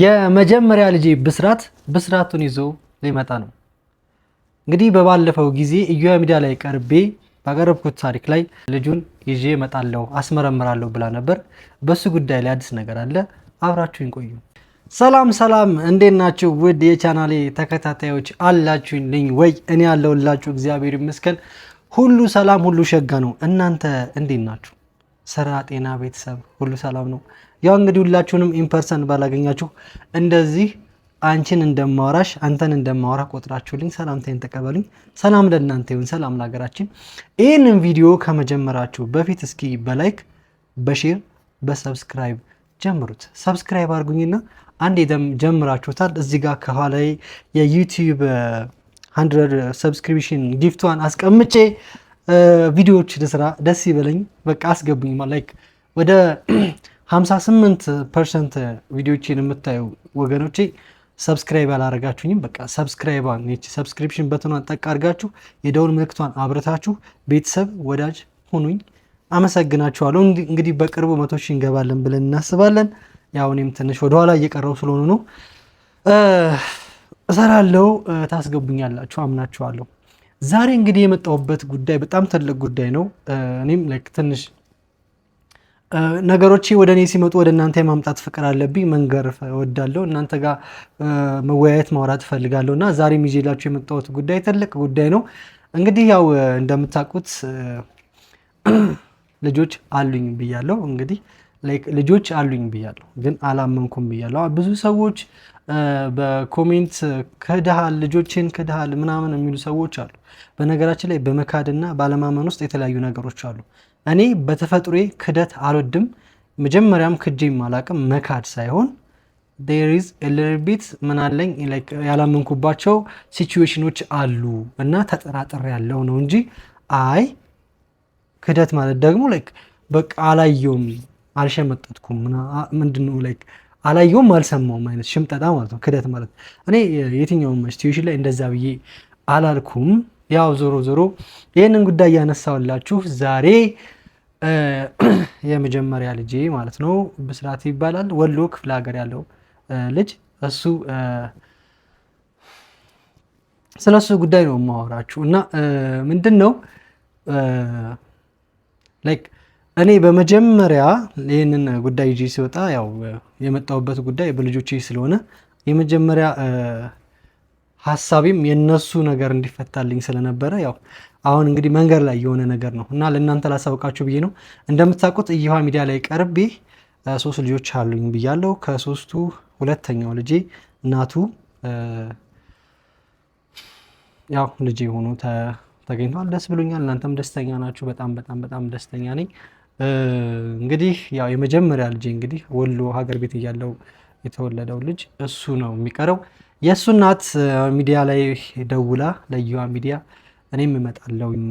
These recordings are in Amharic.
የመጀመሪያ ልጄ ብስራት ብስራቱን ይዞ ሊመጣ ነው። እንግዲህ በባለፈው ጊዜ እዮሃ ሚዲያ ላይ ቀርቤ ባቀረብኩት ታሪክ ላይ ልጁን ይዤ እመጣለሁ አስመረምራለሁ ብላ ነበር። በሱ ጉዳይ ላይ አዲስ ነገር አለ። አብራችሁኝ ቆዩ። ሰላም ሰላም፣ እንዴት ናችሁ? ውድ የቻናሌ ተከታታዮች አላችሁኝ ልኝ ወይ? እኔ ያለውላችሁ እግዚአብሔር ይመስገን፣ ሁሉ ሰላም፣ ሁሉ ሸጋ ነው። እናንተ እንዴት ናችሁ? ስራ፣ ጤና፣ ቤተሰብ ሁሉ ሰላም ነው? ያው እንግዲህ ሁላችሁንም ኢምፐርሰን ባላገኛችሁ እንደዚህ አንቺን እንደማወራሽ አንተን እንደማወራ ቆጥራችሁልኝ ሰላምታይን ተቀበሉኝ። ሰላም ለእናንተ ይሁን፣ ሰላም ለሀገራችን። ይህንን ቪዲዮ ከመጀመራችሁ በፊት እስኪ በላይክ በሼር በሰብስክራይብ ጀምሩት። ሰብስክራይብ አድርጉኝና አንድ ጀምራችሁታል። እዚህ ጋር ከኋላ የዩቲዩብ ሀንድረድ ሰብስክሪፕሽን ጊፍቷን አስቀምጬ ቪዲዮዎች ልስራ። ደስ ይበለኝ። በቃ አስገቡኝ። ላይክ ወደ 58 ፐርሰንት ቪዲዮችን የምታዩ ወገኖቼ ሰብስክራይብ አላረጋችሁኝም። በቃ ሰብስክራይቧን ይቺ ሰብስክሪፕሽን በትኗን ጠቅ አድርጋችሁ የደውል ምልክቷን አብረታችሁ ቤተሰብ ወዳጅ ሁኑኝ። አመሰግናችኋለሁ። እንግዲህ በቅርቡ መቶ ሺህ እንገባለን ብለን እናስባለን። ያው እኔም ትንሽ ወደኋላ እየቀረው ስለሆኑ ነው። እሰራለሁ፣ ታስገቡኛላችሁ፣ አምናችኋለሁ። ዛሬ እንግዲህ የመጣሁበት ጉዳይ በጣም ትልቅ ጉዳይ ነው። እኔም ትንሽ ነገሮች ወደ እኔ ሲመጡ ወደ እናንተ የማምጣት ፍቅር አለብኝ። መንገር እወዳለሁ። እናንተ ጋር መወያየት ማውራት እፈልጋለሁ እና ዛሬም ይዤላችሁ የመጣሁት ጉዳይ ትልቅ ጉዳይ ነው። እንግዲህ ያው እንደምታውቁት ልጆች አሉኝ ብያለሁ። እንግዲህ ልጆች አሉኝ ብያለሁ፣ ግን አላመንኩም ብያለሁ። ብዙ ሰዎች በኮሜንት ክድሃል፣ ልጆችን ክድሃል ምናምን የሚሉ ሰዎች አሉ። በነገራችን ላይ በመካድና ባለማመን ውስጥ የተለያዩ ነገሮች አሉ። እኔ በተፈጥሮዬ ክደት አልወድም። መጀመሪያም ክጄም አላቅም። መካድ ሳይሆን ዴሪዝ ኤልርቢት ምናለኝ ያላመንኩባቸው ሲቹዌሽኖች አሉ እና ተጠራጥር ያለው ነው እንጂ አይ ክደት ማለት ደግሞ ላይክ በቃ አላየውም፣ አልሸመጠጥኩም፣ ምንድነው ላይክ አላየውም፣ አልሰማውም አይነት ሽምጠጣ ማለት ነው ክደት ማለት። እኔ የትኛውም ሲቹዌሽን ላይ እንደዛ ብዬ አላልኩም። ያው ዞሮ ዞሮ ይህንን ጉዳይ እያነሳውላችሁ ዛሬ የመጀመሪያ ልጄ ማለት ነው ብስራት ይባላል። ወሎ ክፍለ ሀገር ያለው ልጅ እሱ ስለ እሱ ጉዳይ ነው የማወራችሁ እና ምንድን ነው ላይክ እኔ በመጀመሪያ ይህንን ጉዳይ ይዤ ሲወጣ ያው የመጣሁበት ጉዳይ በልጆቼ ስለሆነ የመጀመሪያ ሀሳቤም የነሱ ነገር እንዲፈታልኝ ስለነበረ ያው አሁን እንግዲህ መንገድ ላይ የሆነ ነገር ነው እና ለእናንተ ላሳውቃችሁ ብዬ ነው። እንደምታውቁት እየዋ ሚዲያ ላይ ቀርቤ ሶስት ልጆች አሉኝ ብያለሁ። ከሶስቱ ሁለተኛው ልጄ እናቱ ያው ልጄ ሆኖ ተገኝቷል። ደስ ብሎኛል። እናንተም ደስተኛ ናችሁ? በጣም በጣም በጣም ደስተኛ ነኝ። እንግዲህ ያው የመጀመሪያ ልጄ እንግዲህ ወሎ ሀገር ቤት እያለው የተወለደው ልጅ እሱ ነው የሚቀረው የእሱ እናት ሚዲያ ላይ ደውላ ለየዋ ሚዲያ እኔም እመጣለሁኝ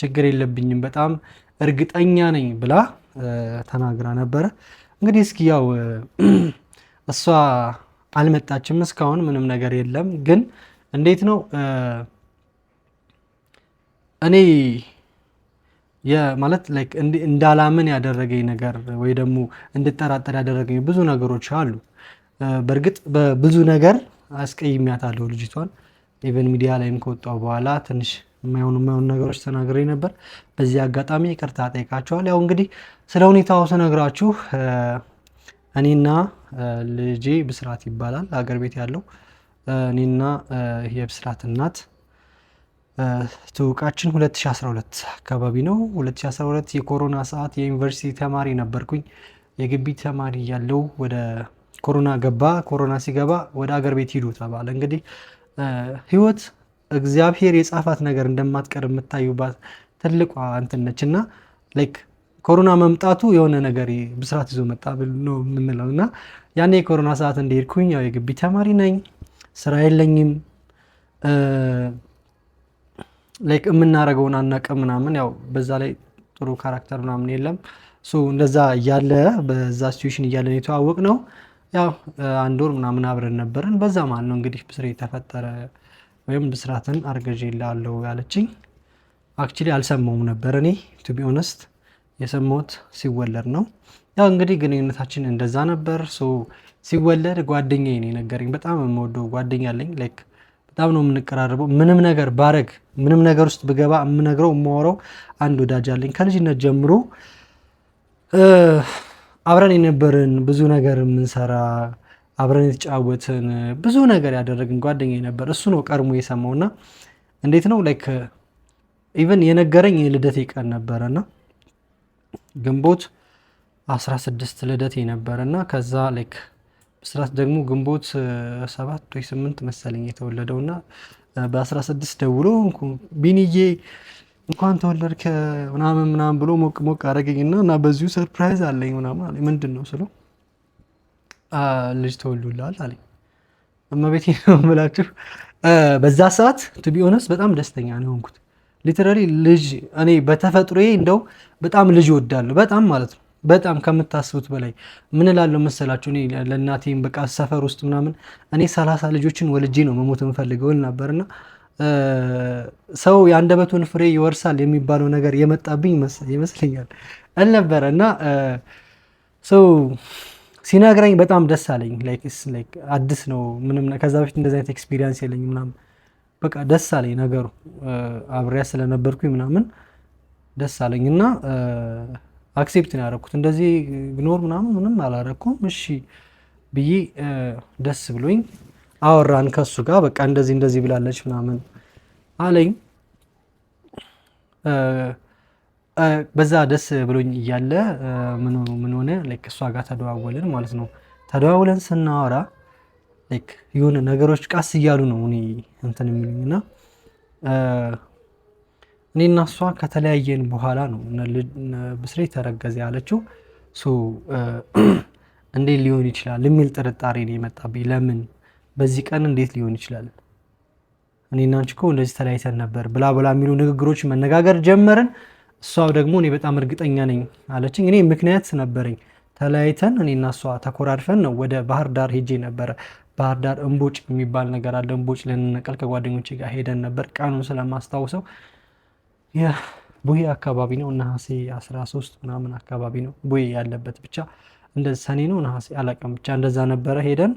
ችግር የለብኝም በጣም እርግጠኛ ነኝ ብላ ተናግራ ነበረ። እንግዲህ እስኪ ያው እሷ አልመጣችም፣ እስካሁን ምንም ነገር የለም። ግን እንዴት ነው እኔ ማለት እንዳላምን ያደረገኝ ነገር ወይ ደግሞ እንድጠራጠር ያደረገኝ ብዙ ነገሮች አሉ። በእርግጥ በብዙ ነገር አስቀይሜያታለሁ ልጅቷን። ኢቨን ሚዲያ ላይም ከወጣሁ በኋላ ትንሽ የማይሆኑ የማይሆኑ ነገሮች ተናግሬ ነበር። በዚህ አጋጣሚ ይቅርታ ጠይቃቸዋል። ያው እንግዲህ ስለ ሁኔታው ስነግራችሁ እኔና ልጄ ብስራት ይባላል አገር ቤት ያለው እኔና የብስራት እናት ትውቃችን 2012 አካባቢ ነው። 2012 የኮሮና ሰዓት የዩኒቨርሲቲ ተማሪ ነበርኩኝ። የግቢ ተማሪ ያለው ወደ ኮሮና ገባ፣ ኮሮና ሲገባ ወደ አገር ቤት ሂዱ ተባለ። እንግዲህ ህይወት እግዚአብሔር የጻፋት ነገር እንደማትቀር የምታዩባት ትልቋ እንትን ነች እና ላይክ ኮሮና መምጣቱ የሆነ ነገር ብስራት ይዞ መጣ ነው የምንለው እና ያኔ የኮሮና ሰዓት እንደሄድኩኝ ያው የግቢ ተማሪ ነኝ፣ ስራ የለኝም፣ ላይክ የምናደርገውን አናውቅም ምናምን ያው በዛ ላይ ጥሩ ካራክተር ምናምን የለም። እንደዛ እያለ በዛ ሲቹዌሽን እያለ የተዋወቅ ነው ያው አንድ ወር ምናምን አብረን ነበርን። በዛ መሀል ነው እንግዲህ ብስሬ ተፈጠረ ወይም ብስራትን አርግዤልሃለሁ ያለችኝ። አክቹሊ አልሰማውም ነበር እኔ ቱ ቢ ኦነስት፣ የሰማሁት ሲወለድ ነው። ያው እንግዲህ ግንኙነታችን እንደዛ ነበር። ሶ ሲወለድ ጓደኛዬ ነው የነገረኝ። በጣም የምወደው ጓደኛ አለኝ። ላይክ በጣም ነው የምንቀራርበው። ምንም ነገር ባረግ፣ ምንም ነገር ውስጥ ብገባ የምነግረው የማወራው አንድ ወዳጅ አለኝ ከልጅነት ጀምሮ አብረን የነበርን ብዙ ነገር የምንሰራ አብረን የተጫወትን ብዙ ነገር ያደረግን ጓደኛ ነበር። እሱ ነው ቀድሞ የሰማው እና እንዴት ነው ላይክ ኢቨን የነገረኝ ልደቴ ቀን ነበረ እና ግንቦት 16 ልደቴ ነበረ እና ከዛ ላይክ ብስራት ደግሞ ግንቦት ሰባት ወይ ስምንት መሰለኝ የተወለደው እና በ16 ደውሎ ቢኒዬ እንኳን ተወለድክ ምናምን ምናምን ብሎ ሞቅ ሞቅ አደረገኝና እና በዚሁ ሰርፕራይዝ አለኝ ምናምን አለኝ። ምንድን ነው ስለው ልጅ ተወልዶልሃል አለኝ። እመቤቴ ነው የምላችሁ በዛ ሰዓት ቱቢ ኦነስ በጣም ደስተኛ ነው የሆንኩት። ሊተራሊ ልጅ እኔ በተፈጥሮዬ እንደው በጣም ልጅ እወዳለሁ በጣም ማለት ነው በጣም ከምታስቡት በላይ ምን እላለሁ መሰላችሁ እኔ ለእናቴም በቃ ሰፈር ውስጥ ምናምን እኔ ሰላሳ ልጆችን ወልጄ ነው መሞት የምፈልገው ነበርና ሰው የአንደበቱን ፍሬ ይወርሳል የሚባለው ነገር የመጣብኝ ይመስለኛል አልነበረ እና ሰው ሲነግረኝ በጣም ደስ አለኝ። አዲስ ነው ምንም ከዛ በፊት እንደዚህ አይነት ኤክስፒሪየንስ የለኝ ምናምን በቃ ደስ አለኝ ነገሩ አብሬያ ስለነበርኩኝ ምናምን ደስ አለኝ እና አክሴፕት ነው ያደረኩት። እንደዚህ ግኖር ምናምን ምንም አላረኩም እሺ ብዬ ደስ ብሎኝ አወራን ከሱ ጋር በቃ እንደዚህ እንደዚህ ብላለች ምናምን አለኝ። በዛ ደስ ብሎኝ እያለ ምን ሆነ እሷ ጋር ተደዋወልን ማለት ነው። ተደዋውለን ስናወራ የሆነ ነገሮች ቃስ እያሉ ነው እኔ እንትን የሚሉኝ እና እኔ እና እሷ ከተለያየን በኋላ ነው ብስሬ ተረገዘ ያለችው። እንዴት ሊሆን ይችላል የሚል ጥርጣሬ ነው የመጣብኝ ለምን በዚህ ቀን እንዴት ሊሆን ይችላል እኔና አንቺ እኮ እንደዚህ ተለያይተን ነበር ብላ ብላ የሚሉ ንግግሮች መነጋገር ጀመርን። እሷ ደግሞ እኔ በጣም እርግጠኛ ነኝ አለችኝ። እኔ ምክንያት ነበረኝ። ተለያይተን እኔና እሷ ተኮራድፈን ነው ወደ ባህር ዳር ሄጄ ነበረ። ባህር ዳር እምቦጭ የሚባል ነገር አለ። እምቦጭ ልንነቀል ከጓደኞች ጋር ሄደን ነበር። ቀኑን ስለማስታውሰው ቡሄ አካባቢ ነው፣ ነሐሴ 13 ምናምን አካባቢ ነው ቡሄ ያለበት ብቻ እንደዚህ ሰኔ ነው ነሐሴ አላውቅም፣ ብቻ እንደዛ ነበረ ሄደን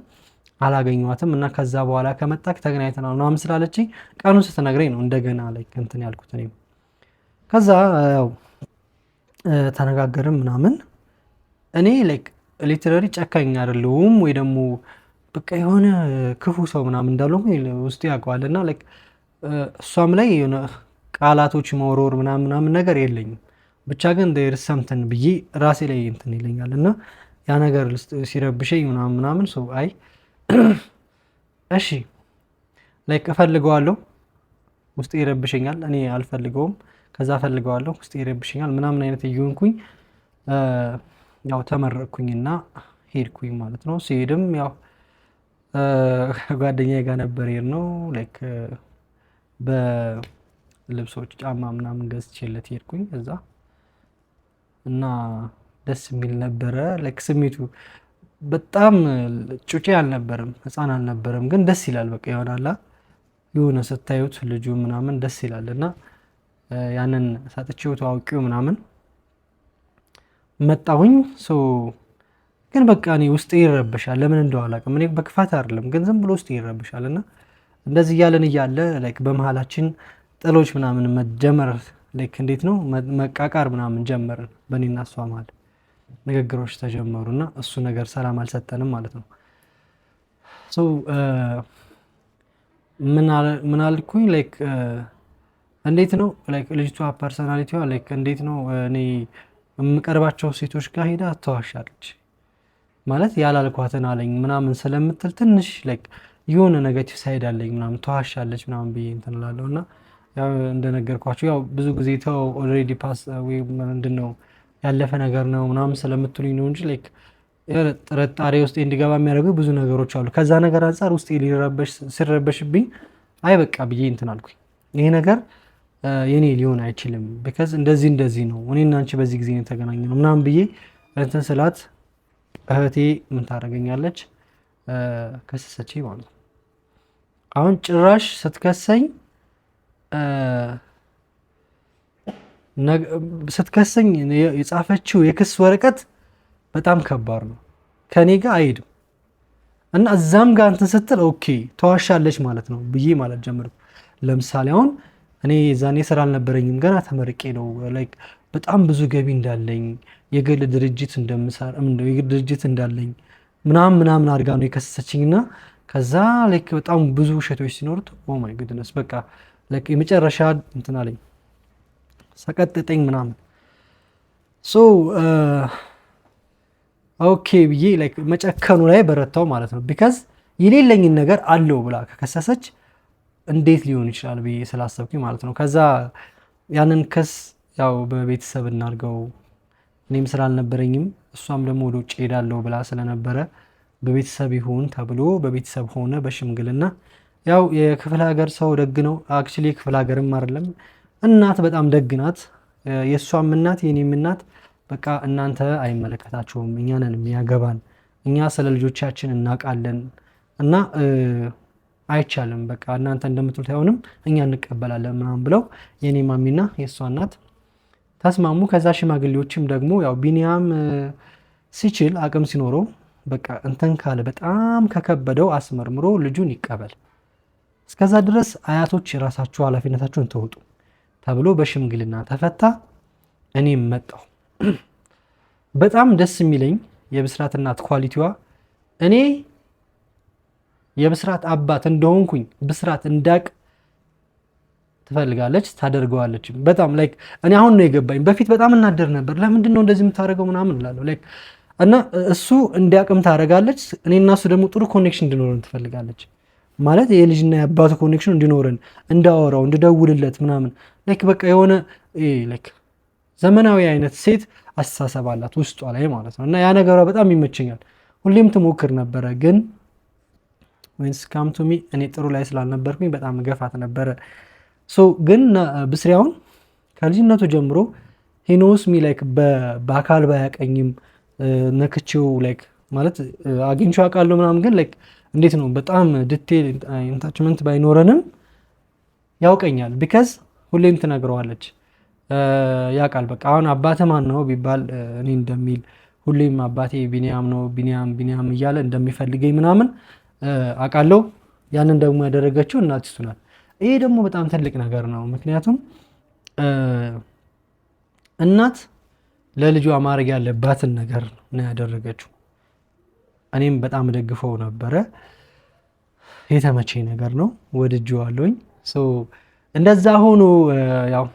አላገኘኋትም እና ከዛ በኋላ ከመጣክ ተገናኝተናል ምናምን ስላለችኝ ቀኑን ስትነግረኝ ነው እንደገና ላይ እንትን ያልኩት። እኔም ከዛ ያው ተነጋገርም ምናምን። እኔ ላይክ ሊትራሪ ጨካኝ አይደለሁም ወይ ደግሞ በቃ የሆነ ክፉ ሰው ምናምን እንዳለ ውስጡ ያውቀዋል። እና ላይክ እሷም ላይ የሆነ ቃላቶች መወርወር ምናምን ምናምን ነገር የለኝም ብቻ ግን ደር ሰምተን ብዬ ራሴ ላይ እንትን ይለኛል እና ያ ነገር ሲረብሸኝ ምናምን ምናምን ሰው አይ እሺ ላይክ እፈልገዋለሁ ውስጤ ይረብሸኛል፣ እኔ አልፈልገውም፣ ከዛ እፈልገዋለሁ ውስጥ ይረብሸኛል ምናምን አይነት እየሆንኩኝ ያው ተመረቅኩኝና ሄድኩኝ ማለት ነው። ሲሄድም ያው ጓደኛዬ ጋር ነበር ሄድ ነው ላይክ በልብሶች ጫማ ምናምን ገዝቼለት ሄድኩኝ እዛ እና ደስ የሚል ነበረ ላይክ ስሜቱ በጣም ጩጬ አልነበረም፣ ህፃን አልነበረም፣ ግን ደስ ይላል። በቃ ይሆናላ የሆነ ስታዩት ልጁ ምናምን ደስ ይላል እና ያንን ሳጥቼው ተዋውቂው ምናምን መጣሁኝ። ግን በቃ እኔ ውስጤ ይረብሻል፣ ለምን እንደው አላውቅም። እኔ በክፋት አይደለም፣ ግን ዝም ብሎ ውስጤ ይረብሻል እና እንደዚህ እያለን እያለ ላይክ በመሀላችን ጥሎች ምናምን መጀመር ላይክ እንዴት ነው መቃቃር ምናምን ጀመርን በእኔና እሷ መሀል ንግግሮች ተጀመሩ እና እሱ ነገር ሰላም አልሰጠንም ማለት ነው። ምን አልኩኝ ላይክ እንዴት ነው ላይክ ልጅቷ ፐርሰናሊቲዋ ላይክ እንዴት ነው እኔ የምቀርባቸው ሴቶች ጋር ሄዳ ተዋሻለች ማለት ያላልኳትን አለኝ ምናምን ስለምትል ትንሽ ላይክ የሆነ ነገቲቭ ሳይድ አለኝ ምናምን ተዋሻለች ምናምን ብዬ እንትን እላለሁ እና ያው እንደነገርኳቸው ያው ብዙ ጊዜ ተው ኦልሬዲ ፓስ ወይ ምንድን ነው ያለፈ ነገር ነው ምናምን ስለምትሉኝ ነው እንጂ ላይክ ጥርጣሬ ውስጥ እንዲገባ የሚያደርጉ ብዙ ነገሮች አሉ። ከዛ ነገር አንጻር ውስጥ ሲረበሽብኝ አይ በቃ ብዬ እንትን አልኩኝ። ይሄ ነገር የኔ ሊሆን አይችልም ቢካዝ እንደዚህ እንደዚህ ነው እኔና አንቺ በዚህ ጊዜ ነው የተገናኘ ነው ምናምን ብዬ እንትን ስላት እህቴ ምን ታደርገኛለች? ከሰሰች ማለት ነው። አሁን ጭራሽ ስትከሰኝ ስትከሰኝ የጻፈችው የክስ ወረቀት በጣም ከባድ ነው፣ ከኔ ጋር አይሄድም እና እዛም ጋር እንትን ስትል ኦኬ ተዋሻለች ማለት ነው ብዬ ማለት ጀመርኩ። ለምሳሌ አሁን እኔ ዛኔ ስራ አልነበረኝም ገና ተመርቄ ነው። ላይክ በጣም ብዙ ገቢ እንዳለኝ የግል ድርጅት እንደምሰራ የግል ድርጅት እንዳለኝ ምናምን ምናምን አድርጋ ነው እና ከዛ ላይክ በጣም ብዙ ውሸቶች ሲኖሩት ኦ ማይ ጉድነስ በቃ ላይክ የመጨረሻ እንትን አለኝ ሰቀጥጠኝ ምናምን ሶ ኦኬ ብዬ መጨከኑ ላይ በረታው ማለት ነው። ቢካዝ የሌለኝን ነገር አለው ብላ ከከሰሰች እንዴት ሊሆን ይችላል ብዬ ስላሰብኩኝ ማለት ነው። ከዛ ያንን ክስ ያው በቤተሰብ እናድርገው እኔም ስላልነበረኝም እሷም ደግሞ ወደ ውጭ ሄዳለው ብላ ስለነበረ በቤተሰብ ይሁን ተብሎ በቤተሰብ ሆነ በሽምግልና ያው የክፍለ ሀገር ሰው ደግ ነው። አክቹዋሊ የክፍለ ሀገርም አይደለም እናት በጣም ደግ ናት። የእሷም እናት የኔም እናት በቃ እናንተ አይመለከታችሁም፣ እኛንን የሚያገባን እኛ ስለ ልጆቻችን እናውቃለን እና አይቻልም በቃ እናንተ እንደምትሉት አይሆንም፣ እኛ እንቀበላለን ምናምን ብለው የኔ ማሚና የእሷ እናት ተስማሙ። ከዛ ሽማግሌዎችም ደግሞ ያው ቢኒያም ሲችል አቅም ሲኖረው በቃ እንትን ካለ በጣም ከከበደው አስመርምሮ ልጁን ይቀበል። እስከዛ ድረስ አያቶች የራሳችሁ ኃላፊነታችሁን ተወጡ። ተብሎ በሽምግልና ተፈታ። እኔም መጣሁ። በጣም ደስ የሚለኝ የብስራት እናት ኳሊቲዋ እኔ የብስራት አባት እንደሆንኩኝ ብስራት እንዳቅ ትፈልጋለች፣ ታደርገዋለች። በጣም ላይክ እኔ አሁን ነው የገባኝ። በፊት በጣም እናደር ነበር። ለምንድን ነው እንደዚህ የምታደርገው ምናምን እላለሁ ላይክ እና እሱ እንዲያቅም ታደርጋለች። እኔ እና እሱ ደግሞ ጥሩ ኮኔክሽን እንድኖረን ትፈልጋለች። ማለት የልጅና የአባቱ ኮኔክሽን እንዲኖረን እንዳወራው እንድደውልለት ምናምን ላይክ በቃ የሆነ ላይክ ዘመናዊ አይነት ሴት አስተሳሰብ አላት ውስጧ ላይ ማለት ነው። እና ያ ነገሯ በጣም ይመቸኛል። ሁሌም ትሞክር ነበረ ግን ወይንስ ካምቱሚ እኔ ጥሩ ላይ ስላልነበርኩኝ በጣም ገፋት ነበረ። ሶ ግን ብስሪያውን ከልጅነቱ ጀምሮ ሂኖስ ሚ ላይክ በአካል ባያቀኝም ነክቼው ላይክ ማለት አግኝቼ አውቃለሁ ምናምን፣ ግን ላይክ እንዴት ነው በጣም ዲቴል ኢንታችመንት ባይኖረንም ያውቀኛል። ቢካዝ ሁሌም ትነግረዋለች ያውቃል። በቃ አሁን አባተ ማን ነው ቢባል እኔ እንደሚል ሁሌም አባቴ ቢኒያም ነው ቢኒያም ቢኒያም እያለ እንደሚፈልገኝ ምናምን አውቃለሁ። ያንን ደግሞ ያደረገችው እናቲቱ ናት። ይሄ ደግሞ በጣም ትልቅ ነገር ነው። ምክንያቱም እናት ለልጇ ማድረግ ያለባትን ነገር ነው ያደረገችው። እኔም በጣም ደግፈው ነበረ። የተመቼ ነገር ነው ወድጄዋለሁኝ። እንደዛ ሆኖ ያው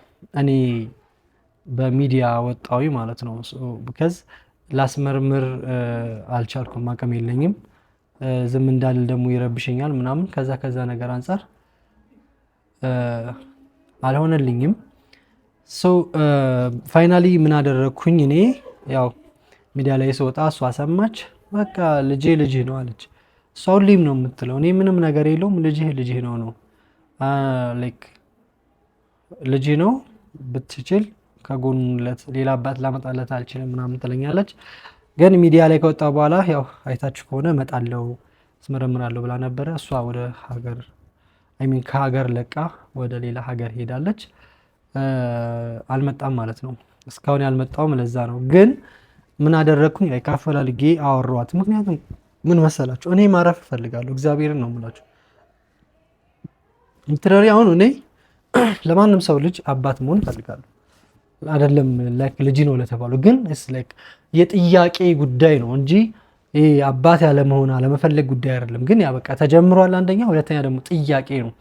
እኔ በሚዲያ ወጣዊ ማለት ነው። ብከዝ ላስመርምር አልቻልኩም፣ አቅም የለኝም። ዝም እንዳል ደግሞ ይረብሸኛል ምናምን ከዛ ከዛ ነገር አንጻር አልሆነልኝም። ፋይናሊ ምን አደረግኩኝ እኔ ያው ሚዲያ ላይ ስወጣ እሷ ሰማች። በቃ ልጄ ልጄ ነው አለች። እሷ ሁሌም ነው የምትለው፣ እኔ ምንም ነገር የለውም ልጄ ልጄ ነው ነው ላይክ ልጄ ነው ብትችል ከጎንለት ሌላ አባት ላመጣለት አልችልም ምናምን ትለኛለች። ግን ሚዲያ ላይ ከወጣ በኋላ ያው አይታችሁ ከሆነ እመጣለሁ አስመረምራለሁ ብላ ነበረ። እሷ ወደ ሀገር አይሚን ከሀገር ለቃ ወደ ሌላ ሀገር ሄዳለች። አልመጣም ማለት ነው። እስካሁን ያልመጣውም ለዛ ነው ግን ምን አደረግኩኝ? ላይ ካፈላልጌ አወሯት። ምክንያቱም ምን መሰላችሁ እኔ ማረፍ እፈልጋለሁ። እግዚአብሔርን ነው የምላችሁ። ሊትራሪ አሁን እኔ ለማንም ሰው ልጅ አባት መሆን እፈልጋለሁ። አይደለም ላይክ ልጅ ነው ለተባሉ ግን ላይክ የጥያቄ ጉዳይ ነው እንጂ አባት ያለመሆን አለመፈለግ ጉዳይ አይደለም። ግን ያ በቃ ተጀምሯል። አንደኛ፣ ሁለተኛ ደግሞ ጥያቄ ነው።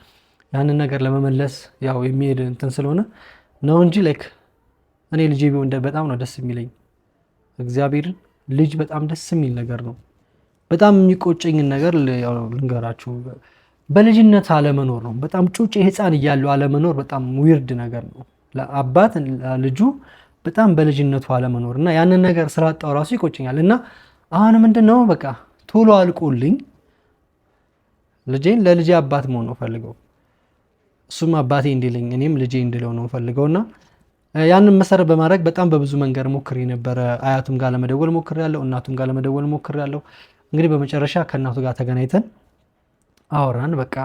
ያንን ነገር ለመመለስ ያው የሚሄድ እንትን ስለሆነ ነው እንጂ ላይክ እኔ ልጄ ቢሆን በጣም ነው ደስ የሚለኝ። እግዚአብሔርን ልጅ በጣም ደስ የሚል ነገር ነው። በጣም የሚቆጨኝን ነገር ልንገራችሁ። በልጅነት አለመኖር ነው። በጣም ጩጭ ህፃን እያለው አለመኖር በጣም ዊርድ ነገር ነው። አባት ልጁ በጣም በልጅነቱ አለመኖር እና ያንን ነገር ስላጣው ራሱ ይቆጭኛል። እና አሁን ምንድን ነው በቃ ቶሎ አልቆልኝ ልጄን ለልጄ አባት መሆን ነው ፈልገው እሱም አባቴ እንዲልኝ እኔም ልጄ እንድለው ነው ፈልገው እና ያንን መሰረት በማድረግ በጣም በብዙ መንገድ ሞክሬ ነበረ። አያቱም ጋር ለመደወል ሞክሬ ያለው፣ እናቱም ጋር ለመደወል ሞክሬ ያለው። እንግዲህ በመጨረሻ ከእናቱ ጋር ተገናኝተን አወራን። በቃ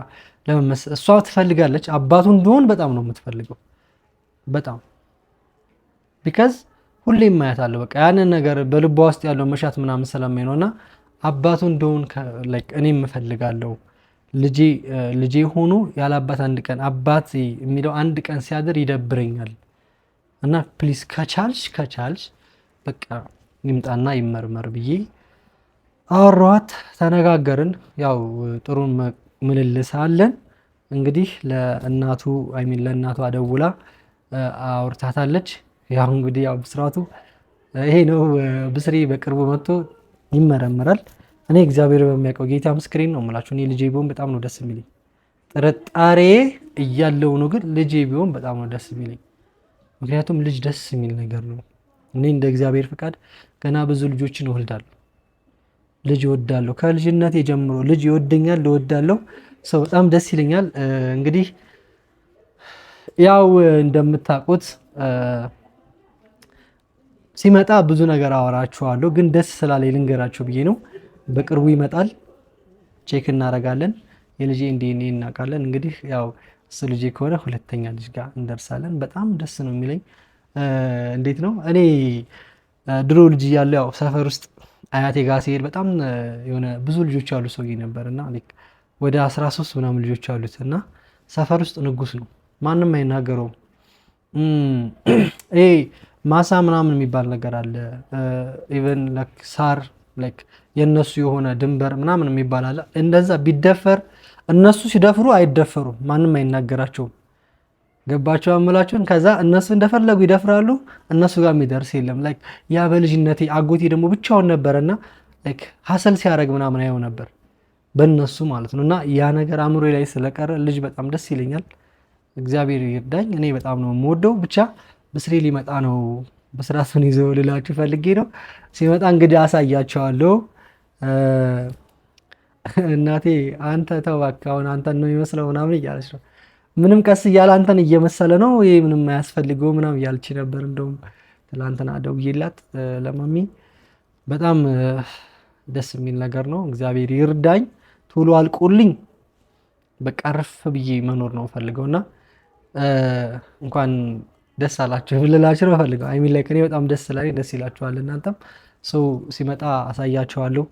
ለመመስ እሷ ትፈልጋለች አባቱ እንደሆን በጣም ነው የምትፈልገው። በጣም ቢካዝ ሁሌም ማየት አለው። በቃ ያንን ነገር በልቧ ውስጥ ያለው መሻት ምናምን ስለማይ ነው እና አባቱ እንደሆን እኔ የምፈልጋለው ልጄ ልጄ ሆኖ ያለ አባት አንድ ቀን አባት የሚለው አንድ ቀን ሲያድር ይደብረኛል። እና ፕሊዝ ከቻልሽ ከቻልሽ በቃ ይምጣና ይመርመር ብዬ አወሯት ተነጋገርን። ያው ጥሩ ምልልስ አለን። እንግዲህ ለእናቱ አይሚን ለእናቷ ደውላ አውርታታለች። ያው እንግዲህ ያው ብስራቱ ይሄ ነው። ብስሪ በቅርቡ መጥቶ ይመረምራል። እኔ እግዚአብሔር በሚያውቀው ጌታ ምስክሬን ነው የምላችሁ። እኔ ልጄ ቢሆን በጣም ነው ደስ የሚለኝ። ጥርጣሬ እያለው ነው፣ ግን ልጄ ቢሆን በጣም ነው ደስ የሚለኝ። ምክንያቱም ልጅ ደስ የሚል ነገር ነው። እኔ እንደ እግዚአብሔር ፍቃድ ገና ብዙ ልጆችን እወልዳለሁ። ልጅ እወዳለሁ፣ ከልጅነት ጀምሮ ልጅ ይወደኛል፣ እወዳለሁ። ሰው በጣም ደስ ይለኛል። እንግዲህ ያው እንደምታውቁት ሲመጣ ብዙ ነገር አወራችኋለሁ፣ ግን ደስ ስላለኝ ልንገራችሁ ብዬ ነው። በቅርቡ ይመጣል፣ ቼክ እናደርጋለን። የልጄ እንዲህ እናውቃለን። እንግዲህ ያው እሱ ልጄ ከሆነ ሁለተኛ ልጅ ጋር እንደርሳለን። በጣም ደስ ነው የሚለኝ። እንዴት ነው እኔ ድሮ ልጅ እያለሁ ያው ሰፈር ውስጥ አያቴ ጋር ሲሄድ በጣም የሆነ ብዙ ልጆች ያሉ ሰውዬ ነበር እና ወደ 13 ምናምን ልጆች አሉት እና ሰፈር ውስጥ ንጉስ ነው፣ ማንም አይናገረውም። ይሄ ማሳ ምናምን የሚባል ነገር አለ። ኢቨን ሳር የእነሱ የሆነ ድንበር ምናምን የሚባል አለ። እንደዛ ቢደፈር እነሱ ሲደፍሩ አይደፈሩም፣ ማንም አይናገራቸውም። ገባቸው አምላቸውን። ከዛ እነሱ እንደፈለጉ ይደፍራሉ፣ እነሱ ጋር የሚደርስ የለም። ላይክ ያ በልጅነቴ አጎቴ ደግሞ ብቻውን ነበረና ላይክ ሀሰል ሲያደርግ ምናምን ያየው ነበር በእነሱ ማለት ነው። እና ያ ነገር አእምሮ ላይ ስለቀረ ልጅ በጣም ደስ ይለኛል። እግዚአብሔር ይርዳኝ። እኔ በጣም ነው የምወደው። ብቻ ብስሬ ሊመጣ ነው ብስራቱን ይዘው ልላችሁ ፈልጌ ነው። ሲመጣ እንግዲህ አሳያቸዋለሁ። እናቴ አንተ ተው እባክህ አሁን አንተን ነው የሚመስለው ምናምን እያለች ነው። ምንም ቀስ እያለ አንተን እየመሰለ ነው ይሄ ምንም አያስፈልገው ምናምን እያለች ነበር። እንደውም ትላንትና ደውዬላት ለማሚ በጣም ደስ የሚል ነገር ነው። እግዚአብሔር ይርዳኝ፣ ቶሎ አልቆልኝ፣ በቃ ረፍ ብዬ መኖር ነው ፈልገው እና እንኳን ደስ አላችሁ ብልላችሁ ነው ፈልገው አይሚን ላይ ከኔ በጣም ደስ ላይ ደስ ይላችኋል። እናንተም ሰው ሲመጣ አሳያችኋለሁ።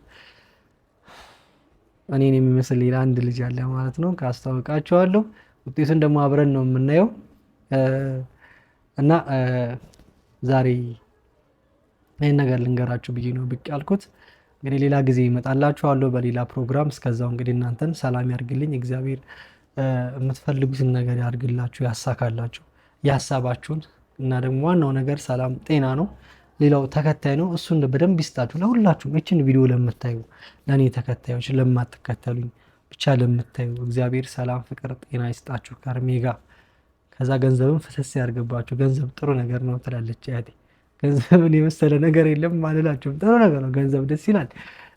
እኔን የሚመስል ሌላ አንድ ልጅ አለ ማለት ነው። ካስታወቃችኋለሁ። ውጤቱን ደግሞ አብረን ነው የምናየው እና ዛሬ ይህን ነገር ልንገራችሁ ብዬ ነው ብቅ ያልኩት። እንግዲህ ሌላ ጊዜ ይመጣላችኋለሁ በሌላ ፕሮግራም። እስከዛው እንግዲህ እናንተን ሰላም ያርግልኝ። እግዚአብሔር የምትፈልጉትን ነገር ያርግላችሁ፣ ያሳካላችሁ የሀሳባችሁን እና ደግሞ ዋናው ነገር ሰላም ጤና ነው። ሌላው ተከታይ ነው። እሱን በደንብ ይስጣችሁ ለሁላችሁም። ይችን ቪዲዮ ለምታዩ ለእኔ ተከታዮች፣ ለማትከተሉኝ ብቻ ለምታዩ እግዚአብሔር ሰላም፣ ፍቅር፣ ጤና ይስጣችሁ ከእድሜ ጋር። ከዛ ገንዘብን ፈሰስ ያድርግባችሁ። ገንዘብ ጥሩ ነገር ነው ትላለች አያቴ። ገንዘብን የመሰለ ነገር የለም አልላችሁም። ጥሩ ነገር ነው ገንዘብ፣ ደስ ይላል።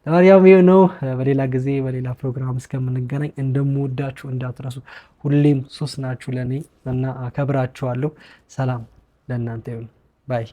ለማንኛውም ይህ ነው። በሌላ ጊዜ በሌላ ፕሮግራም እስከምንገናኝ እንደምወዳችሁ እንዳትረሱ። ሁሌም ሶስት ናችሁ ለእኔ እና አከብራችኋለሁ። ሰላም ለእናንተ ይሁን ባይ